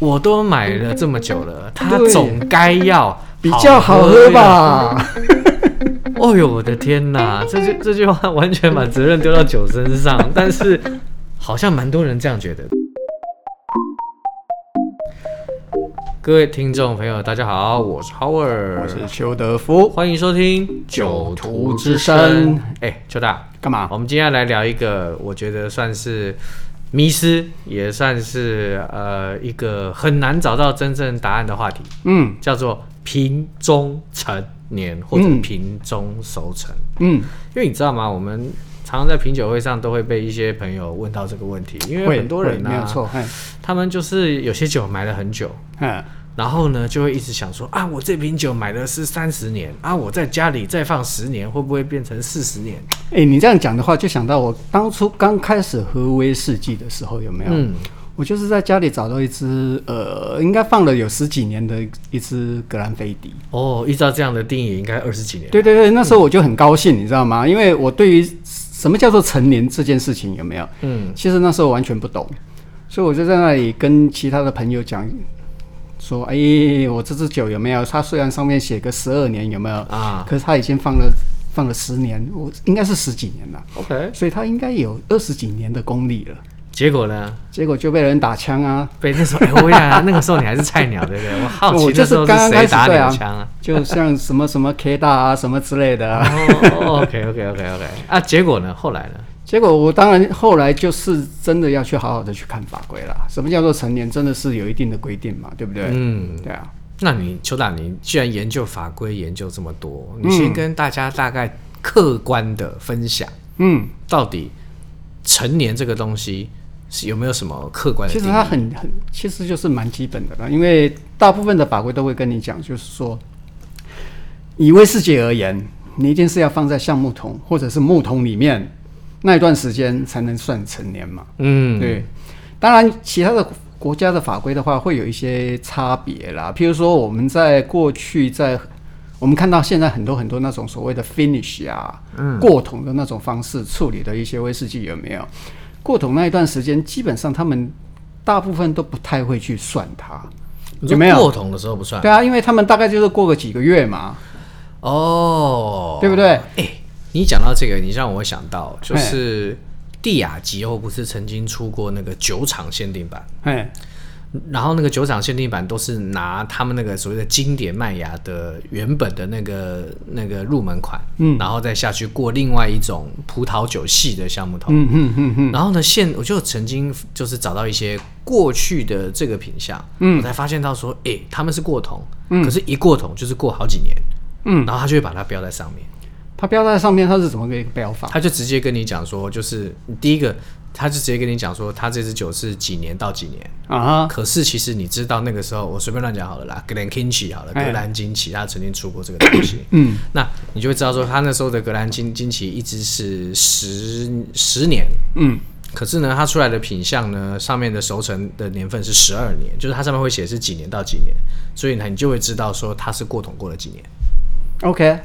我都買了這麼久了，他總該要比較好喝吧？哦喲、哎、我的天哪！這句這句話完全把責任丟到酒身上， 但是好像蠻多人這樣覺得。各位聽眾朋友，大家好，我是 Howard，我是邱德夫，歡迎收聽《酒徒之聲》。哎、欸，邱大，幹嘛？我們今天來聊一個，我覺得算是。迷思，也算是呃一個很難找到真正答案的話題，嗯，叫做瓶中陳年或者瓶中熟成，嗯，因為你知道嗎？我們常常在品酒會上都會被一些朋友問到這個問題，因為很多人呢、啊，他們就是有些酒埋了很久，然後呢，就會一直想說啊，我這瓶酒買的是三十年啊，我在家裡再放十年，會不會變成四十年？哎、欸，你這樣講的話，就想到我當初剛開始喝威士忌的時候，有沒有？嗯，我就是在家裡找到一只呃，應該放了有十幾年的一支格蘭菲迪。哦，依照這樣的定義，應該二十幾年。對對對，那時候我就很高興，嗯、你知道嗎？因為我對於什麼叫做陳年這件事情有沒有？嗯，其實那時候我完全不懂，所以我就在那裡跟其他的朋友講。說：“哎，我這支酒有沒有？它雖然上面寫個十二年有沒有？啊，可是他已經放了放了十年，我應該是十幾年了。OK，所以他應該有二十幾年的功力了。結果呢？結果就被人打槍啊，被那時候哎我呀， 那個時候你還是菜鳥，對不對？我好奇， 就是剛剛開始 打兩槍啊？就像什麼什麼 K 大啊，什麼之類的、啊。 oh, OK OK OK OK 啊，結果呢？後來呢？”結果我當然後來就是真的要去好好的去看法規了。什麼叫做陳年，真的是有一定的規定嘛？對不對？嗯，對啊。那你邱大，你既然研究法規研究這麼多，你先跟大家大概客觀的分享，嗯，到底陳年這個東西是有沒有什麼客觀？其實它很很，其實就是蠻基本的啦。因為大部分的法規都會跟你講，就是說，以威士忌而言，你一定是要放在橡木桶或者是木桶裡面。那一段時間才能算陳年嘛？嗯，對。當然，其他的國家的法規的話，會有一些差別啦。譬如說，我們在過去在，在我們看到現在很多很多那種所謂的 finish 啊，嗯，過桶的那種方式處理的一些威士忌，有沒有過桶那一段時間，基本上他們大部分都不太會去算它。有沒有過桶的時候不算有沒有？對啊，因為他們大概就是過個幾個月嘛。哦，對不對？欸你講到這個，你讓我想到就是帝亞吉歐不是曾經出過那個酒廠限定版？嘿然後那個酒廠限定版都是拿他們那個所謂的經典麥芽的原本的那個那個入門款，嗯、然後再下去過另外一種葡萄酒系的橡木桶，嗯、哼哼哼然後呢，現我就曾經就是找到一些過去的這個品相，嗯、我才發現到說，哎、欸，他們是過桶，嗯、可是一過桶就是過好幾年，嗯、然後他就會把它標在上面。它標在上面，它是怎麼個標法？他就直接跟你講說，就是第一個，他就直接跟你講說，他這支酒是幾年到幾年啊？Uh huh. 可是其實你知道那個時候，我隨便亂講好了啦。格蘭金奇好了，哎、呀格蘭金奇他曾經出過這個東西， 嗯，那你就會知道說，他那時候的格蘭金金奇一直是十十年，嗯，可是呢，它出來的品相呢，上面的熟成的年份是十二年，就是它上面會寫是幾年到幾年，所以呢，你就會知道說它是過桶過了幾年，OK。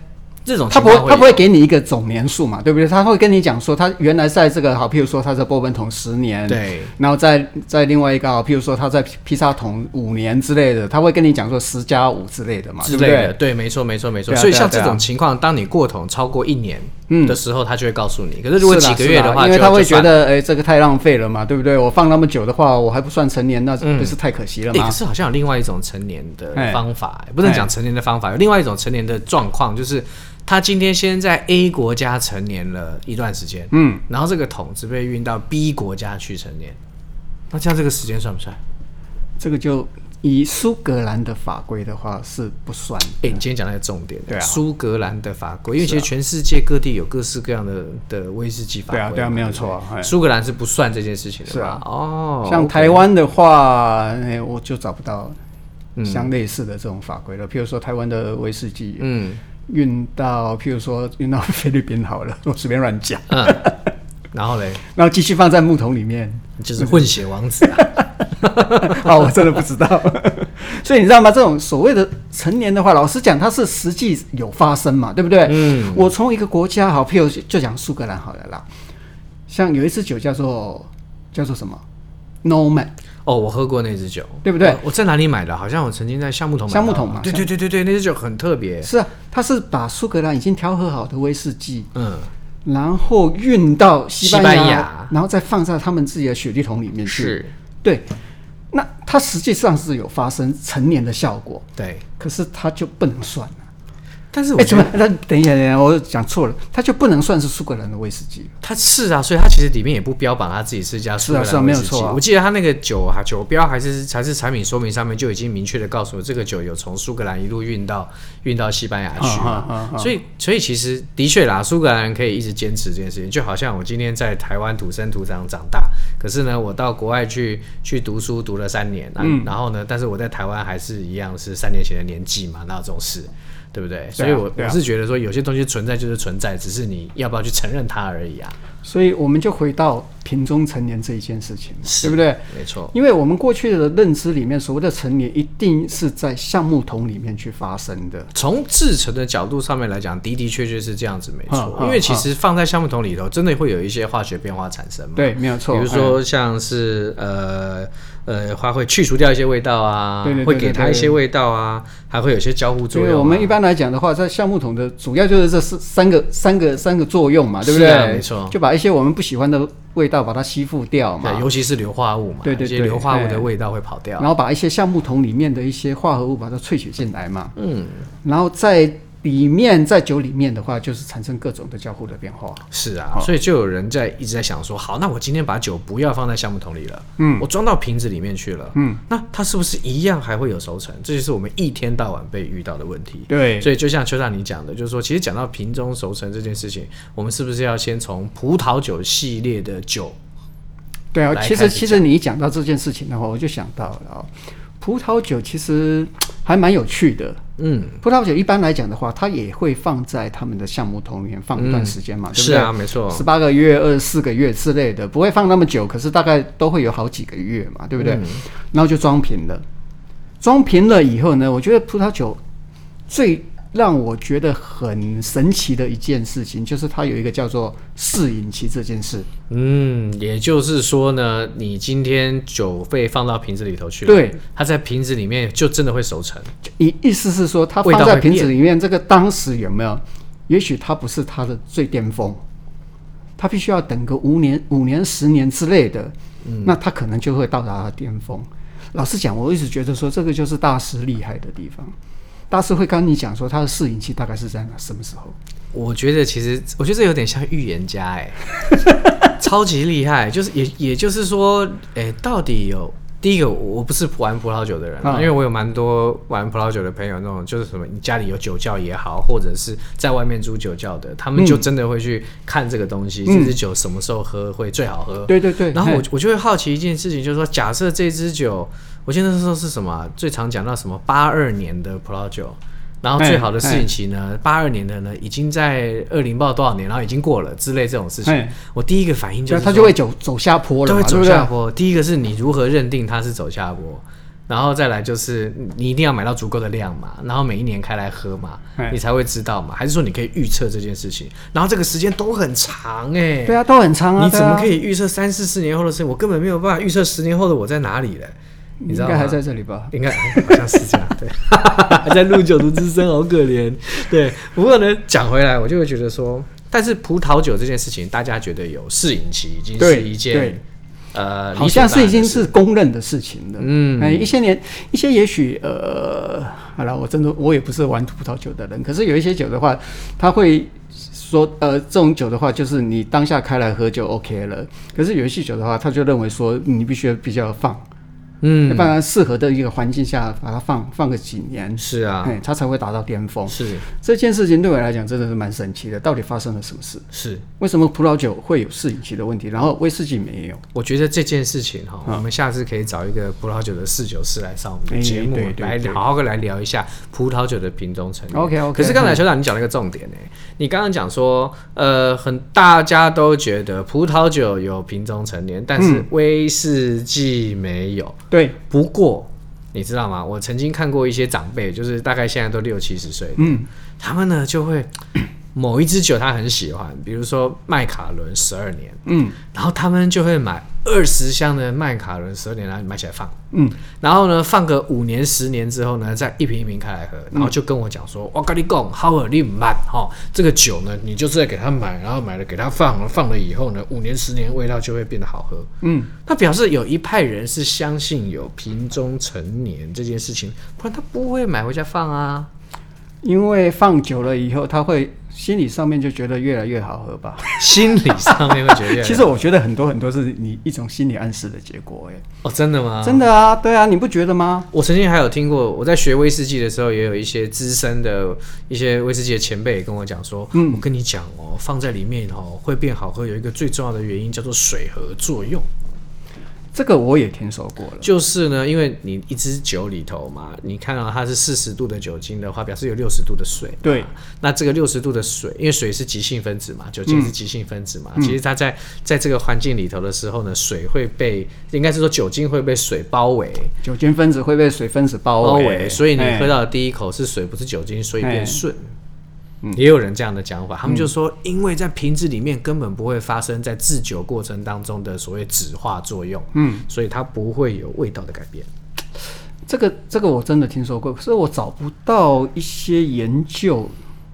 這種會他不會他不會給你一個總年數嘛，對不對？他會跟你講說，他原來在這個好，譬如說他在波本桶十年，對，然後在,在另外一個好，譬如說他在 PX 桶五年之類的，他會跟你講說十加五之類的嘛，之類的。對,對,對，沒錯，沒錯，沒錯。啊啊啊、所以像這種情況，當你過桶超過一年的時候，嗯、他就會告訴你。可是如果幾個月的話，啊啊、因為他會覺得，哎、欸，這個太浪費了嘛，對不對？我放那麼久的話，我還不算成年，那不是太可惜了嘛、嗯欸、可是好像有另外一種成年的方法，欸、不能講成年的方法，欸、有另外一種成年的狀況，就是。他今天先在 A 國家成年了一段時間，嗯，然後這個桶子被運到 B 國家去成年，那像這，這個時間算不算？這個就以蘇格蘭的法規的話是不算。哎、欸，你今天講那個重點，對啊，蘇格蘭的法規，因為其實全世界各地有各式各樣的的威士忌法規，對啊，對啊，沒有錯啊，蘇對對格蘭是不算這件事情的，是吧、啊？哦，像台灣的話 okay、欸，我就找不到相類似的這種法規了。譬、嗯、如說台灣的威士忌，嗯。運到，譬如說，運到菲律賓好了，我隨便亂講，嗯。然後嘞，然後繼續放在木桶裡面，就是混血王子啊。啊、 哦，我真的不知道。 所以你知道嗎？這種所謂的陳年的話，老實講，它是實際有發生嘛，對不對？嗯，我從一個國家，好，譬如就講蘇格蘭好了啦。像有一支酒叫做叫做什麼，Nomad。哦，我喝過那支酒，對不對？哦，我在哪裡買的？好像我曾經在橡木桶買的。橡木桶嘛。對對對對對，那支酒很特別。是啊，它是把蘇格蘭已經調和好的威士忌，嗯，然後運到西班牙，西班牙。然後再放在他們自己的雪莉桶裡面。是，對。那它實際上是有發生陳年的效果。嗯，對。可是它就不能算了。但是我，哎、欸，怎麼？那等一下，等一下，我講錯了。它就不能算是蘇格蘭的威士忌。它是啊，所以它其實裡面也不標榜它自己是一家蘇格蘭威士忌。是啊是啊，沒有錯，啊。我記得它那個酒啊，酒標還是還是產品說明上面就已經明確的告訴我，這個酒有從蘇格蘭一路運到運到西班牙去。啊啊啊啊，所以，所以其實的確啦，蘇格蘭人可以一直堅持這件事情。就好像我今天在台灣土生土長長大，可是呢，我到國外去去讀書讀了三年，啊，嗯，然後呢，但是我在台灣還是一樣是三年前的年紀嘛，那種事。對不對？對啊、所以我，我、啊、我是覺得說，有些東西存在就是存在，只是你要不要去承認它而已啊。所以，我們就回到瓶中陳年這一件事情，是對不對？沒錯，因為我們過去的認知裡面，所謂的陳年一定是在橡木桶裡面去發生的。從製程的角度上面來講，的的確確是這樣子，沒錯。呵因為其實放在橡木桶裡頭，呵真的會有一些化學變化產生。對，沒有錯。比如說，像是、嗯、呃。呃，花會去除掉一些味道啊，會給它一些味道啊，還會有些交互作用。因為我們一般來講的話，在橡木桶的主要就是這四三個、三個、三個作用嘛，對不對？沒錯，就把一些我們不喜歡的味道把它吸附掉嘛，尤其是硫化物嘛，對對對，一些硫化物的味道會跑掉，然後把一些橡木桶裡面的一些化合物把它萃取進來嘛，嗯，然後再。裡面在酒裡面的話，就是產生各種的交互的變化。是啊，哦、所以就有人在一直在想說，好，那我今天把酒不要放在橡木桶裡了，嗯，我裝到瓶子裡面去了，嗯，那它是不是一樣還會有熟成？這就是我們一天到晚被遇到的問題。對，所以就像邱大你講的，就是說，其實講到瓶中熟成這件事情，我們是不是要先從葡萄酒系列的酒？對啊，其實其實你一講到這件事情的話，我就想到了。哦葡萄酒其實還蠻有趣的，嗯，葡萄酒一般來講的話，它也會放在他們的橡木桶裡面放一段時間嘛，嗯、對不對？是啊，沒錯，十八個月、二十四個月之類的，不會放那麼久，可是大概都會有好幾個月嘛，對不對？嗯、然後就裝瓶了，裝瓶了以後呢，我覺得葡萄酒最。讓我覺得很神奇的一件事情，就是它有一個叫做適飲期這件事。嗯，也就是說呢，你今天酒被放到瓶子裡頭去了，對，它在瓶子裡面就真的會熟成。意意思是說，它放在瓶子裡面，這個當時有沒有？也許它不是它的最巔峰，它必須要等個五年、五年、十年之類的，嗯，那它可能就會到達它的巔峰。老實講，我一直覺得說，這個就是大師厲害的地方。大師會跟你講說他的適飲期大概是在哪什麼時候？我覺得其實我覺得這有點像預言家哎、欸， 超級厲害，就是也也就是說，哎、欸，到底有。第一個，我不是玩葡萄酒的人，哦、因為我有蠻多玩葡萄酒的朋友，那種就是什麼，你家裡有酒窖也好，或者是在外面租酒窖的，他們就真的會去看這個東西，嗯、這支酒什麼時候喝會最好喝？嗯、對對對。然後我我就會好奇一件事情，就是說，嗯、假設這支酒，我現在說是什麼、啊、最常講到什麼八二年的葡萄酒。然後最好的適飲期呢？八二年的呢，已經在二零報多少年？然後已經過了之類，這種事情，我第一個反應就是對，它就會走走下坡了，走下坡。第一個是你如何認定它是走下坡？然後再來就是你一定要買到足夠的量嘛，然後每一年開來喝嘛，你才會知道嘛。還是說你可以預測這件事情？然後這個時間都很長哎，對啊，都很長啊。你怎麼可以預測三四四年後的事情？我根本沒有辦法預測十年後的我在哪裡呢、欸。你知道應該還在這裡吧？應該、欸、好像是這樣， 對，還在錄酒徒之聲，好可憐。對，不過呢，講回來，我就會覺得說，但是葡萄酒這件事情，大家覺得有適飲期，已經是一件對對呃，好像是已經是公認的事情了。嗯，哎、嗯，一些年，一些也許呃，好了，我真的我也不是玩葡萄酒的人，可是有一些酒的話，他會說，呃，這種酒的話，就是你當下開來喝就 OK 了。可是有一些酒的話，他就認為說，你必須比較放。嗯，一般適合的一個環境下，把它放放個幾年，是啊，哎、欸，它才會達到巔峰。是這件事情對我來講真的是蠻神奇的，到底發生了什麼事？是為什麼葡萄酒會有適飲期的問題，然後威士忌沒有？我覺得這件事情哈，嗯、我們下次可以找一個葡萄酒的侍酒師來上我們的節目，哎、對對對，來好好的來聊一下葡萄酒的瓶中陳年。OK OK。可是剛才邱導你講了一個重點呢、欸，嗯、你剛剛講說，呃，很大家都覺得葡萄酒有瓶中陳年，但是威士忌沒有。嗯對，不過你知道嗎？我曾經看過一些長輩，就是大概現在都六七十歲，嗯，他們呢就會， 某一支酒他很喜歡，比如說麥卡倫十二年，嗯，然後他們就會買二十箱的麥卡倫十二年，然後買起來放，嗯，然後呢，放個五年十年之後呢，再一瓶一瓶開來喝，然後就跟我講說，嗯、我跟你講，好喝你買，哈、哦，這個酒呢，你就是在給他買，然後買了給他放，放了以後呢，五年十年味道就會變得好喝，嗯，他表示有一派人是相信有瓶中陳年這件事情，不然他不會買回家放啊，因為放久了以後他會。心理上面就覺得越來越好喝吧， 心理上面會覺得。 其實我覺得很多很多是你一種心理暗示的結果，欸，哎。哦，真的嗎？真的啊，對啊，你不覺得嗎？我曾經還有聽過，我在學威士忌的時候，也有一些資深的一些威士忌的前輩也跟我講說，嗯，我跟你講哦，放在裡面以，哦，後會變好喝，有一個最重要的原因叫做水合作用。這個我也聽說過了，就是呢，因為你一支酒裡頭嘛，你看到它是四十度的酒精的話，表示有六十度的水。對，那這個六十度的水，因為水是極性分子嘛，酒精是極性分子嘛，嗯、其實它在在這個環境裡頭的時候呢，水會被，應該是說酒精會被水包圍，酒精分子會被水分子包圍，okay, 所以你喝到的第一口是水，嘿不是酒精，所以變順。也有人這樣的講法，他們就說，因為在瓶子裡面根本不會發生在制酒過程當中的所謂酯化作用，嗯，所以它不會有味道的改變。這個這個我真的聽說過，可是我找不到一些研究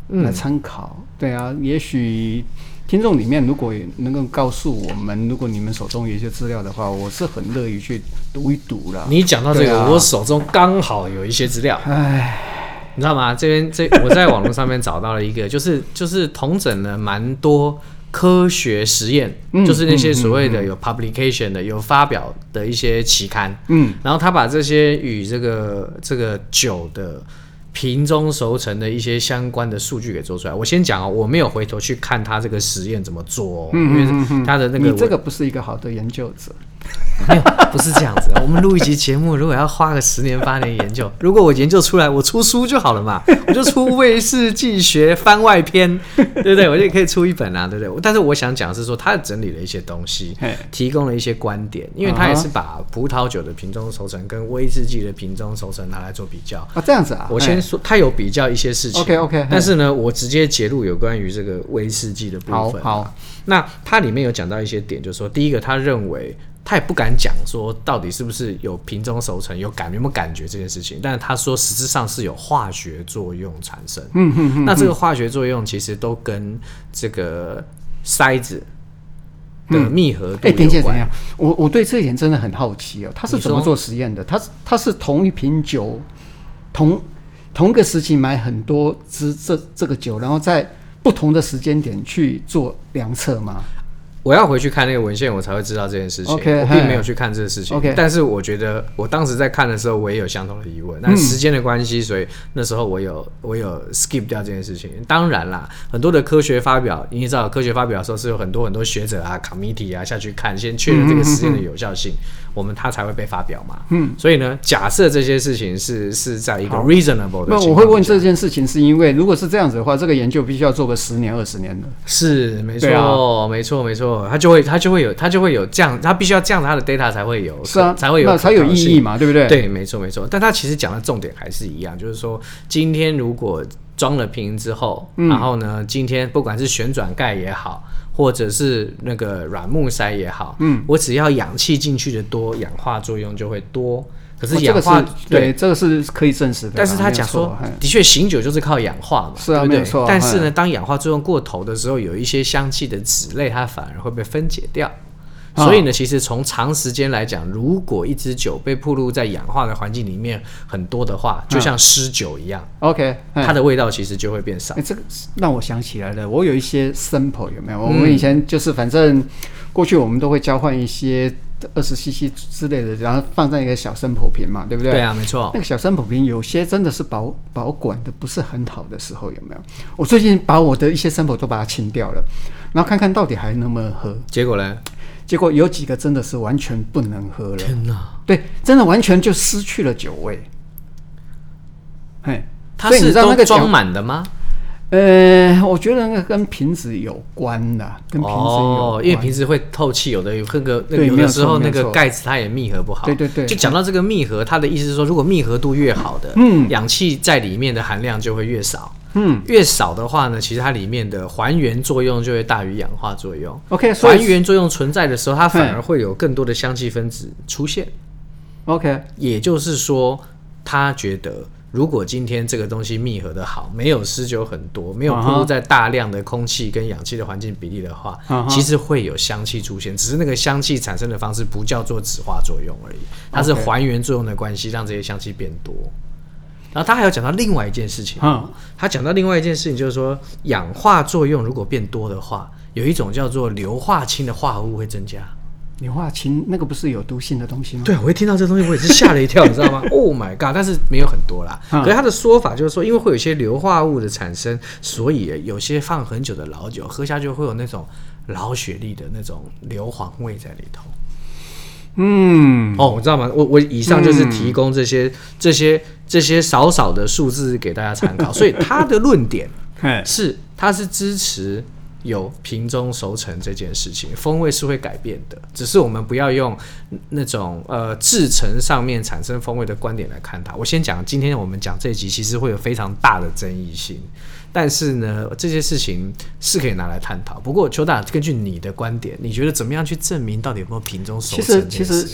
來參考，嗯。對啊，也許聽眾裡面如果能夠告訴我們，如果你們手中有一些資料的話，我是很樂意去讀一讀的。你講到這個，啊，我手中剛好有一些資料。哎。你知道嗎？這邊這我在網絡上面找到了一個， 就是就是統整了蠻多科學實驗，嗯、就是那些所謂的有 publication 的、嗯嗯、有發表的一些期刊。嗯，然後他把這些與這個這個酒的瓶中熟成的一些相關的數據給做出來。我先講啊、哦，我沒有回頭去看他這個實驗怎麼做、哦，嗯、因為他的那個你這個不是一個好的研究者。 沒有，不是這樣子、啊。我們錄一集節目，如果要花個十年八年研究，如果我研究出來，我出書就好了嘛，我就出《威士忌學番外篇》， 對不對？我就可以出一本啊，對不對？但是我想講的是說，他整理了一些東西，嘿提供了一些觀點，因為他也是把葡萄酒的瓶中熟成跟威士忌的瓶中熟成拿來做比較啊，這樣子啊。我先說，嘿他有比較一些事情。OK OK。但是呢，嘿我直接揭露有關於這個威士忌的部分、啊好。好。那他裡面有講到一些點，就是說，第一個，他認為他也不敢講說到底是不是有瓶中熟成有感、有沒有感覺這件事情，但是他說實質上是有化學作用產生。嗯哼嗯哼。嗯嗯嗯。那這個化學作用其實都跟這個塞子的密合度有關、嗯。哎、欸，樣關？我我對這一點真的很好奇哦，他是怎麼做實驗的？他他你說 是同一瓶酒，同同一個時期買很多支這這個酒，然後在。不同的時間點去做量測嗎？我要回去看那個文獻，我才會知道這件事情。Okay, 我並沒有去看這個事情。OK，但是我覺得我當時在看的時候，我也有相同的疑問。那 Okay. 時間的關係，所以那時候我有我有 skip 掉這件事情。嗯、當然啦，很多的科學發表，你知道，科學發表的時候是有很多很多學者啊、 committee 啊下去看，先確認這個實驗的有效性。嗯嗯嗯我們它才會被發表嘛，嗯，所以呢，假設這些事情是是在一個 reasonable 的情況，那我會問這件事情是因為如果是，如果是這樣子的話，這個研究必須要做個十年二十年的，是沒錯，沒錯，啊，沒錯，它就會它就會有它就會有這樣它必須要這樣它的 data 才會有，是啊，才會有，才有意義嘛，對不對？對，沒錯，沒錯。但他其實講的重點還是一樣，就是說今天如果裝了瓶之後，然後呢，嗯、今天不管是旋轉蓋也好。或者是那個軟木塞也好，嗯，我只要氧氣進去的多，氧化作用就會多。可是氧化，哦這個，是對這個是可以證實的啊。但是他講說，的確醒酒就是靠氧化嘛，是啊，對不對？沒有錯。但是呢，嘿當氧化作用過頭的時候，有一些香氣的酯類，它反而會被分解掉。所以呢，其實從長時間來講，哦、如果一支酒被暴露在氧化的環境裡面很多的話，嗯、就像濕酒一樣，OK，、嗯、它的味道其實就會變少。哎、欸，這個讓我想起來了，我有一些 sample 有沒有？嗯、我們以前就是反正過去我們都會交換一些二十 CC 之類的，然後放在一個小 sample 瓶嘛，對不對？對啊，沒錯。那個小 sample 瓶有些真的是保保管的不是很好的時候有沒有？我最近把我的一些 sample 都把它清掉了，然後看看到底還能不能喝，結果呢？結果有幾個真的是完全不能喝了，天哪！對，真的完全就失去了酒味。嘿，它是都裝滿的嗎？那個、呃，我覺得那個跟瓶子有關的、啊，跟瓶子有關。哦、因為瓶子會透氣，有的有的有的，對，那個，對，有的時候有那個蓋子它也密合不好。嗯、對對對，就講到這個密合，嗯、它的意思是說，如果密合度越好的，嗯，氧氣在裡面的含量就會越少。嗯，越少的話呢，其實它裡面的還原作用就會大於氧化作用。OK，so it's, 還原作用存在的時候，它反而會有更多的香氣分子出現。OK，也就是說，他覺得如果今天這個東西密合得好，沒有濕酒很多，沒有鋪在大量的空氣跟氧氣的環境比例的話，uh huh. 其實會有香氣出現，只是那個香氣產生的方式不叫做酯化作用而已，它是還原作用的關係，讓這些香氣變多。然後他還有講到另外一件事情，嗯，他講到另外一件事情就是說，氧化作用如果變多的話，有一種叫做硫化氫的化合物會增加。硫化氫那個不是有毒性的東西嗎？對，我一聽到這個東西，我也是嚇了一跳，你知道嗎？Oh my god！但是沒有很多啦。可是他的說法就是說，因為會有一些硫化物的產生，所以有些放很久的老酒喝下去會有那種老雪莉的那種硫磺味在裡頭。嗯，哦，我知道嗎？我我以上就是提供這些這些。這些少少的數字給大家參考，所以他的論點是，他是支持有瓶中熟成這件事情，風味是會改變的，只是我們不要用那種呃製程上面產生風味的觀點來看它。我先講，今天我們講這集其實會有非常大的爭議性，但是呢，這些事情是可以拿來探討。不過邱大，根據你的觀點，你覺得怎麼樣去證明到底有沒有瓶中熟成？其實，其實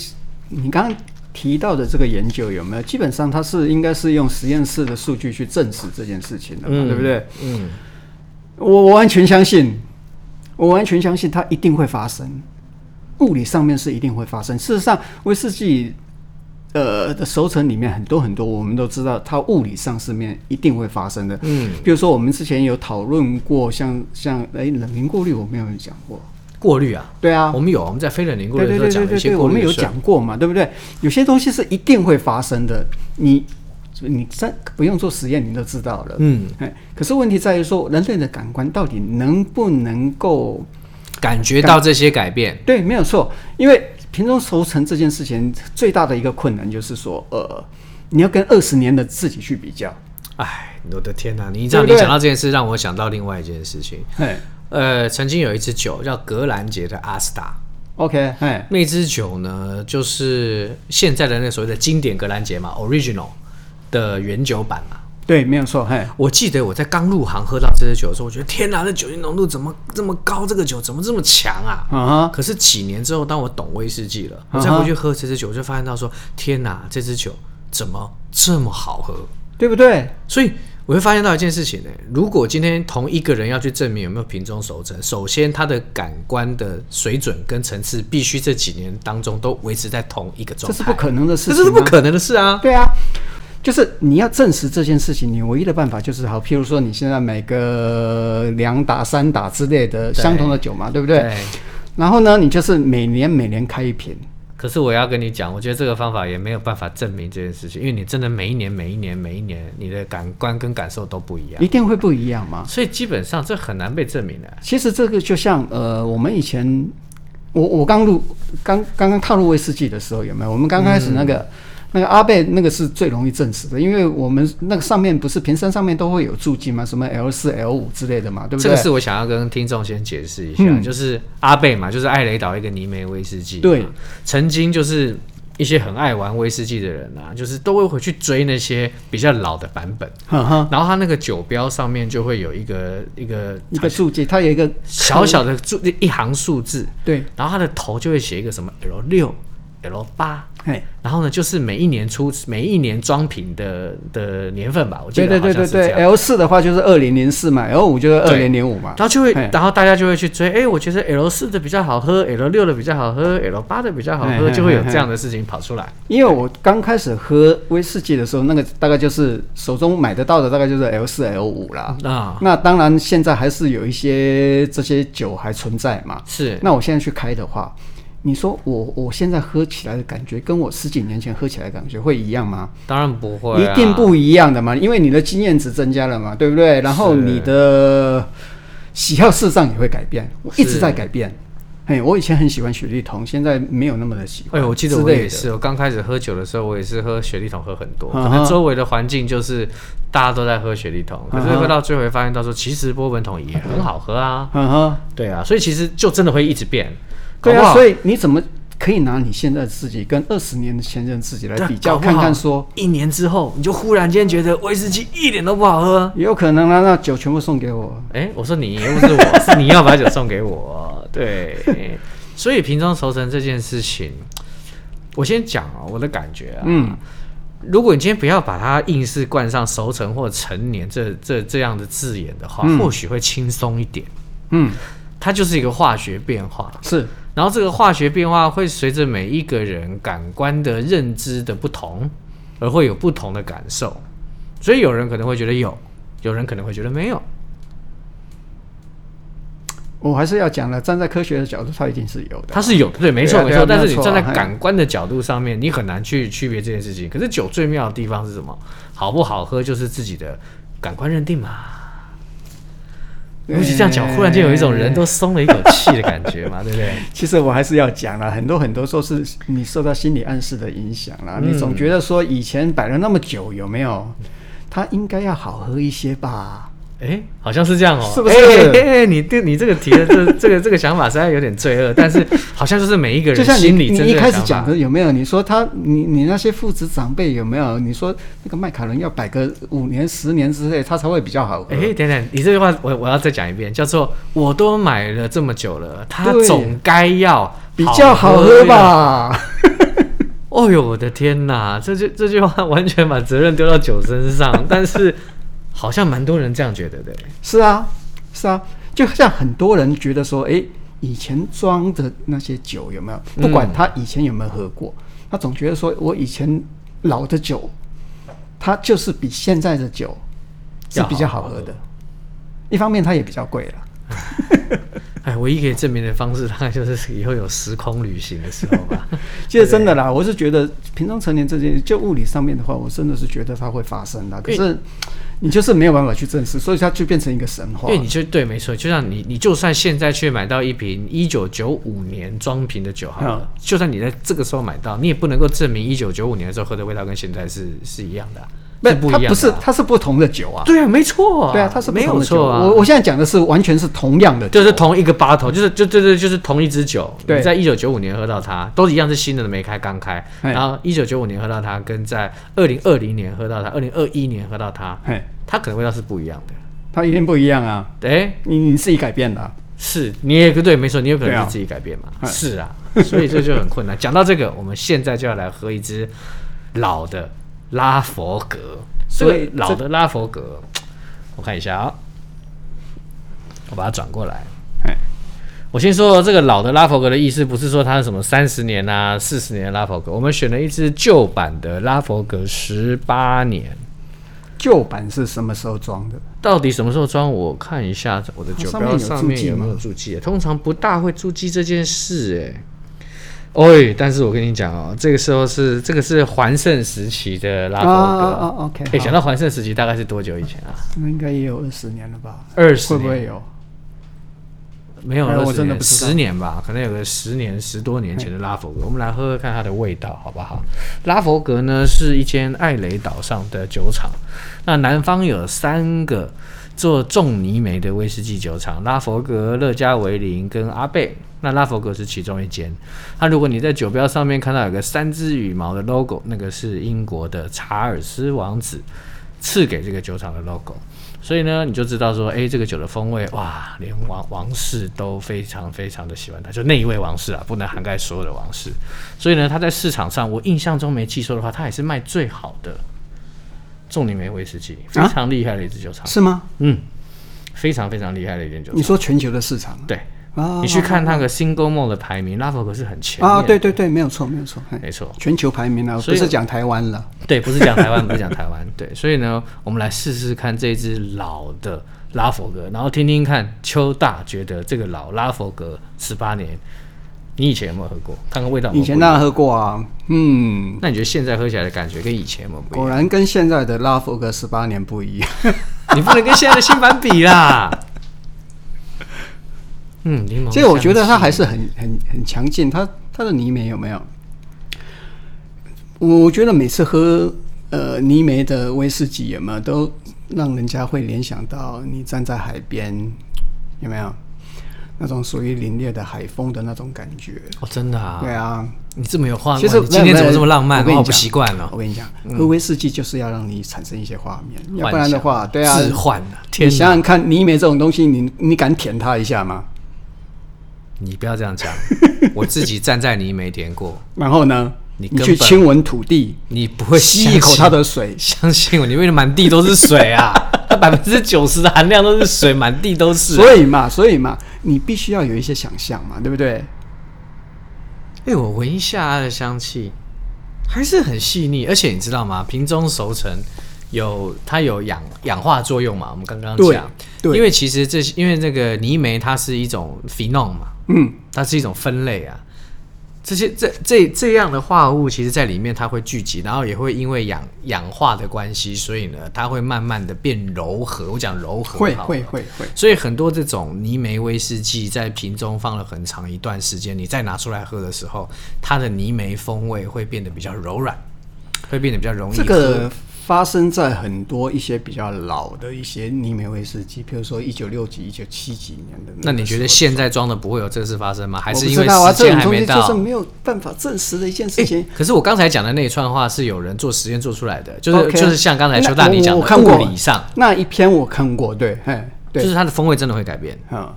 你剛。提到的這個研究有沒有？基本上它是應該是用實驗室的數據去證實這件事情的、嗯、對不對？嗯，我我完全相信，我完全相信它一定會發生。物理上面是一定會發生。事實上，威士忌呃的熟成裡面很多很多，我們都知道它物理上層面一定會發生的。嗯，比如說我們之前有討論過像，像像哎冷凝過濾，我沒有講過。過濾啊，對啊，我們有我們在非冷凝過濾的時候講一些過濾，我們有講過嘛，對不對？有些東西是一定會發生的，你你真不用做實驗，你都知道了，嗯，可是問題在於說，人類的感官到底能不能夠感覺到這些改變？對，沒有錯，因為瓶中熟成這件事情最大的一個困難就是說，呃，你要跟二十年的自己去比較。哎，我的天哪、啊，你這樣你講到這件事，對對讓我想到另外一件事情，哎。呃，曾經有一支酒叫格蘭傑的阿斯達，OK，哎 hey，那支酒呢，就是現在的那所謂的經典格蘭傑嘛，original 的原酒版嘛，對，沒有錯，哎、hey，我記得我在剛入行喝到這支酒的時候，我覺得天哪，那酒精濃度怎麼這麼高？這個酒怎麼這麼強啊？啊、uh huh、可是幾年之後，當我懂威士忌了，我再回去喝這支酒，uh huh、我就發現到說，天哪，這支酒怎麼這麼好喝？對不對？所以。我會發現到一件事情呢，欸，如果今天同一個人要去證明有沒有瓶中熟成，首先他的感官的水準跟層次必須這幾年當中都維持在同一個狀態，這是不可能的事情，這是不可能的事啊！對啊，就是你要證實這件事情，你唯一的辦法就是好，譬如說你現在買個兩打、三打之類的相同的酒嘛，對，對不對？對，然後呢，你就是每年每年開一瓶。可是我要跟你講，我覺得這個方法也沒有辦法證明這件事情，因為你真的每一年、每一年、每一年，你的感官跟感受都不一樣，一定會不一樣嘛。所以基本上這很難被證明的啊。其實這個就像呃，我們以前，我我剛入剛剛剛踏入威士忌的時候，有沒有？我們剛開始那個。嗯那個阿貝那個是最容易證實的，因為我們那個上面不是瓶身上面都會有注記嘛，什麼 L 四、L 五之類的嘛，對不對？這個是我想要跟聽眾先解釋一下，嗯、就是阿貝嘛，就是艾雷島一個泥煤威士忌，對，曾經就是一些很愛玩威士忌的人啊，就是都會回去追那些比較老的版本，嗯嗯、然後他那個酒標上面就會有一個一個一個註記，它有一個小小的注一行數字，對，然後它的頭就會寫一個什麼 L 六。L 八，嘿，然後呢，就是每一年出每一年裝瓶的的年份吧，我覺得好像是這樣對對對對對 L 四的話就是二零零四嘛，L 五就是二零零五嘛，然後就會，嘿然後大家就會去追，哎，我覺得 L 四的比較好喝，L 六的比較好喝，L 八的比較好喝，好喝就會有這樣的事情跑出來。因為我剛開始喝威士忌的時候，那個大概就是手中買得到的大概就是 L 四、L 五啦。啊、嗯。那當然現在還是有一些這些酒還存在嘛。是。那我現在去開的話。你說我我現在喝起來的感覺，跟我十幾年前喝起來的感覺會一樣嗎？當然不會、啊，一定不一樣的嘛，因為你的經驗值增加了嘛，對不對？然後你的喜好事實上也會改變，我一直在改變。是嘿，我以前很喜歡雪莉桶，現在沒有那麼的喜歡。哎，我記得我也是，我剛開始喝酒的時候，我也是喝雪莉桶喝很多，uh huh. 可能周圍的環境就是大家都在喝雪莉桶，uh huh. 可是喝到最後發現到說其實波本桶也很好喝啊。嗯哼、uh，huh. uh huh. 對啊，所以其實就真的會一直變。對啊，所以你怎麼可以拿你現在自己跟二十年前的前任自己來比較看看說？說一年之後你就忽然間覺得威士忌一點都不好喝，也有可能啊？那酒全部送給我？哎、欸，我說你又不是我是，是 你要把酒送給我。對， 所以瓶裝熟成這件事情，我先講啊，我的感覺啊，嗯、如果你今天不要把它硬是冠上熟成或陳年這這這樣的字眼的話，嗯、或許會輕鬆一點。嗯，它就是一個化學變化，是。然後這個化學變化會隨着每一個人感官的認知的不同而會有不同的感受，所以有人可能會覺得有，有人可能會覺得沒有。我還是要講了，站在科學的角度，它一定是有的，它是有的，對，沒錯、對啊、對啊、沒錯。沒錯啊、但是你站在感官的角度上面，嘿你很難去區別這件事情。可是酒最妙的地方是什麼？好不好喝就是自己的感官認定嘛。尤對其這樣講，忽然就有一種人都鬆了一口氣的感覺嘛， 對不對？其實我還是要講了，很多很多，說是你受到心理暗示的影響啦。嗯，你總覺得說以前擺了那麼久，有沒有？它應該要好喝一些吧。哎、欸，好像是這樣哦、喔，是不是？哎、欸欸欸，你對，你這個提的這 這個、這個、這個想法實在有點罪惡，但是好像就是每一個人心裡真的想法。就像你，你一開始講的有沒有？你說他，你你那些父子長輩有沒有？你說那個麥卡倫要擺個五年、十年之內，他才會比較好喝。哎、欸，等等，你這句話我我要再講一遍，叫做我都買了這麼久了，他總該要比較好喝吧？哦、 哎、呦，我的天哪，這句這句話完全把責任丟到酒身上， 但是。好像蠻多人這樣覺得，對，是啊，是啊，就像很多人覺得說，誒，以前裝的那些酒有沒有？不管他以前有沒有喝過，嗯，他總覺得說我以前老的酒，它就是比現在的酒是比較好喝的。喝一方面，它也比較貴了。嗯 哎，唯一可以證明的方式，大概就是以後有時空旅行的時候吧。呵呵，其實真的啦， 對我是覺得瓶中陳年這件事，就物理上面的話，我真的是覺得它會發生啦。為可是你就是沒有辦法去證實，所以它就變成一個神話。對，你就對，沒錯，就像你，你就算現在去買到一瓶一九九五年裝瓶的酒好了，好，就算你在這個時候買到，你也不能夠證明一九九五年的時候喝的味道跟現在是是一樣的。那不一樣，它不是，它是不同的酒啊。對啊，沒錯。對啊，它是不同的啊。我我現在講的是完全是同樣的，就是同一個 bottle，就是就就是就是同一支酒。你在一九九五年喝到它，都一樣是新的，都沒開剛開。然後一九九五年喝到它，跟在二零二零年喝到它，二零二一年喝到它，它可能味道是不一樣的。它一定不一樣啊。對，你你自己改變的？是，你也不對，沒錯，你有可能是自己改變嘛？是啊，所以這就很困難。講到這個，我們現在就要來喝一支老的。拉佛格，所以，所以老的拉佛格，這我看一下啊，哦，我把它轉過來。嘿我先說這個老的拉佛格的意思，不是說它是什麼三十年吶，啊、四十年的拉佛格，我們選了一支舊版的拉佛格十八年。舊版是什麼時候裝的？到底什麼時候裝？我，我看一下我的酒標上面，上面有沒有注記，哎？通常不大會注記這件事，哎，哦，但是我跟你講哦，這個時候是這個是環盛時期的拉佛格。哦 OK 哎，好想到環盛時期，大概是多久以前啊？應該也有二十年了吧？年會不會有？沒有二十年，欸，我真的十年吧？可能有個十年，十多年前的拉佛格，嘿我們來喝喝看它的味道好不好？嗯，拉佛格呢，是一間艾雷島上的酒廠。那南方有三個做重泥煤的威士忌酒廠：拉佛格、勒加維林跟阿貝。那拉佛格是其中一間。它，如果你在酒標上面看到有個三隻羽毛的 logo，那個是英國的查爾斯王子賜給這個酒廠的 logo。所以呢，你就知道說，誒、欸，這個酒的風味，哇，連王王室都非常非常的喜歡它，就那一位王室啊，不能涵蓋所有的王室。所以呢，它在市場上，我印象中沒記錯的話，它也是賣最好的重泥煤威士忌，非常厲害的一支酒廠。啊，是嗎？嗯，非常非常厲害的一支酒廠。你說全球的市場。啊，對。啊，你去看那個 Single Malt 的排名，拉佛格是很前啊。對對對，沒有錯沒有錯，沒錯。全球排名呢？以不是講台灣了。對，不是講台灣， 不是講台灣。對，所以呢，我們來試試看這支老的拉佛格，然後聽聽看邱大覺得這個老拉佛格十八年，你以前有沒有喝過？看看味道有沒有。以前當然喝過啊。嗯，那你覺得現在喝起來的感覺跟以前有沒有不一樣？果然跟現在的拉佛格十八年不一樣。 你不能跟現在的新版比啦。 嗯，這個我覺得它還是很很很強勁。它它的泥煤有沒有？我我覺得每次喝呃泥煤的威士忌，有沒有都讓人家會聯想到你站在海邊，有沒有那種屬於凜冽的海風的那種感覺？哦，真的啊？對啊，你這麼有畫面，其實今天怎麼這麼浪漫？我跟你講，我不習慣了。我跟你講，喝威士忌就是要讓你產生一些畫面，嗯、要不然的話，對啊，置換的。你想想看，泥煤這種東西，你你敢舔它一下嗎？你不要這樣講， 我自己站在泥煤田過，然後呢，你，你去親吻土地，你不會吸一口它的水，相信我，你為滿地都是水啊， 它百分之九十的含量都是水，滿 地都是。所以嘛，所以嘛，你必須要有一些想象嘛，對不對？哎、欸，我聞一下它的香氣，還是很細膩。而且你知道嗎？瓶中熟成有它有氧氧化作用嘛，我們剛剛講，對對因為其實這因為這個泥煤它是一種 phenol 嘛。嗯，它是一種分類啊，這些這這這樣的化合物，其實在裡面它會聚集，然後也會因為氧氧化的關係，所以呢，它會慢慢的變柔和。我講柔和會，會會會會。所以很多這種泥煤威士忌在瓶中放了很長一段時間，你再拿出來喝的時候，它的泥煤風味會變得比較柔軟，會變得比較容易喝。這個發生在很多一些比較老的一些尼美威士忌，比如說一九六幾、一九七幾年的那。那你覺得現在裝的不會有這事發生嗎？還是因為時間還沒到？是這就是沒有辦法證實的一件事情。欸、可是我剛才講的那一串話是有人做實驗做出來的，就是 okay, 就是像剛才邱大你講的物理上那一篇我看過，對，對，就是它的風味真的會改變，啊呵，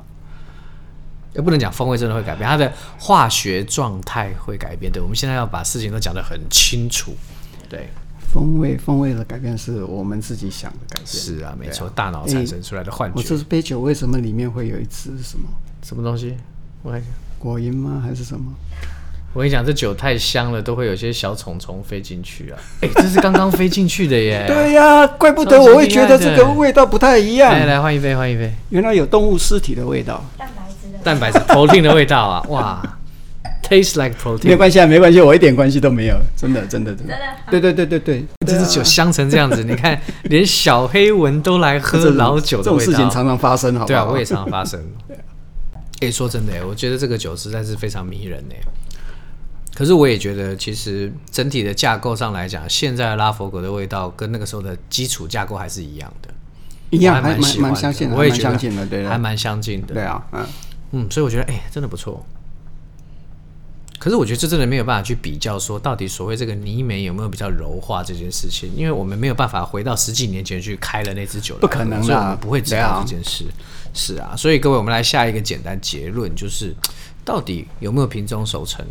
也不能講風味真的會改變，它的化學狀態會改變。對，我們現在要把事情都講得很清楚，對。風味風味的改變是我們自己想的改變。是啊，啊沒錯，大腦產生出來的幻覺。我這杯酒，為什麼裡面會有一只什麼什麼東西？我講果蠅嗎？還是什麼？我跟你講，這酒太香了，都會有些小蟲蟲飛進去啊！哎，這是剛剛飛進去的耶！ 對呀、啊，怪不得我會覺得這個味道不太一樣。來，來，來換一杯，換一杯。原來有動物屍體的味道，蛋白質的 蛋白質頭頸的味道啊！哇！Like、沒關係啊，沒關係，我一點關係都沒有，真的，真的，真的， 對對對對對，就、啊、是酒香成這樣子， 你看，連小黑蚊都來喝老酒這，這種事情常常發生，好不好，對啊，我也常常發生。哎、 啊欸，說真的、欸，哎，我覺得這個酒實在是非常迷人、欸，哎。可是我也覺得，其實整體的架構上來講，現在拉佛格的味道跟那個時候的基礎架構還是一樣的，一樣還蠻蠻相信我也相信的，對，還蠻相近的，對，對，對，的對啊，嗯，嗯，所以我覺得，哎、欸，真的不錯。可是我覺得這真的沒有辦法去比較，說到底所謂這個泥煤有沒有比較柔化這件事情，因為我們沒有辦法回到十幾年前去開了那支酒，不可能啦，所以我們不會知道這件事。是啊，沒有 啊、所以各位，我們來下一個簡單結論，就是到底有沒有瓶中守成？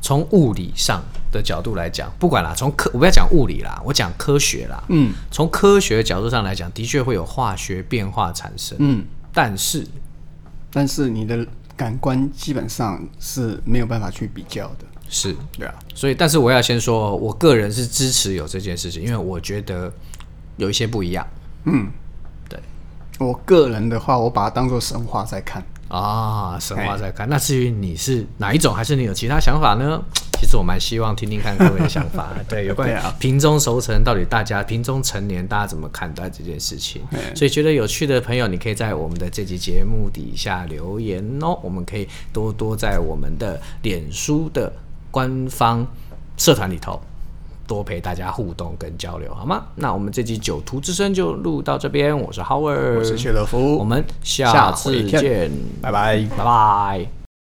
從物理上的角度來講，不管啦，從科我不要講物理啦，我講科學啦。嗯，從科學的角度上來講，的確會有化學變化產生。嗯，但是但是你的。感官基本上是沒有辦法去比較的，是，對啊。Yeah. 所以，但是我要先說，我個人是支持有這件事情，因為我覺得有一些不一樣。嗯，對。我個人的話，我把它當作神話在看。啊，神話、哦、在看。Okay. 那至於你是哪一種，還是你有其他想法呢？其實我蠻希望聽聽看各位的想法。 對，有關於瓶中熟成，到底大家瓶中成年，大家怎麼看待這件事情？Okay. 所以覺得有趣的朋友，你可以在我們的這集節目底下留言哦。我們可以多多在我們的臉書的官方社團裡頭。多陪大家互動跟交流，好嗎？那我們這集《酒徒之聲》就錄到這邊，我是 Howard，我是謝樂夫，我們下次見，下次見拜拜，拜拜。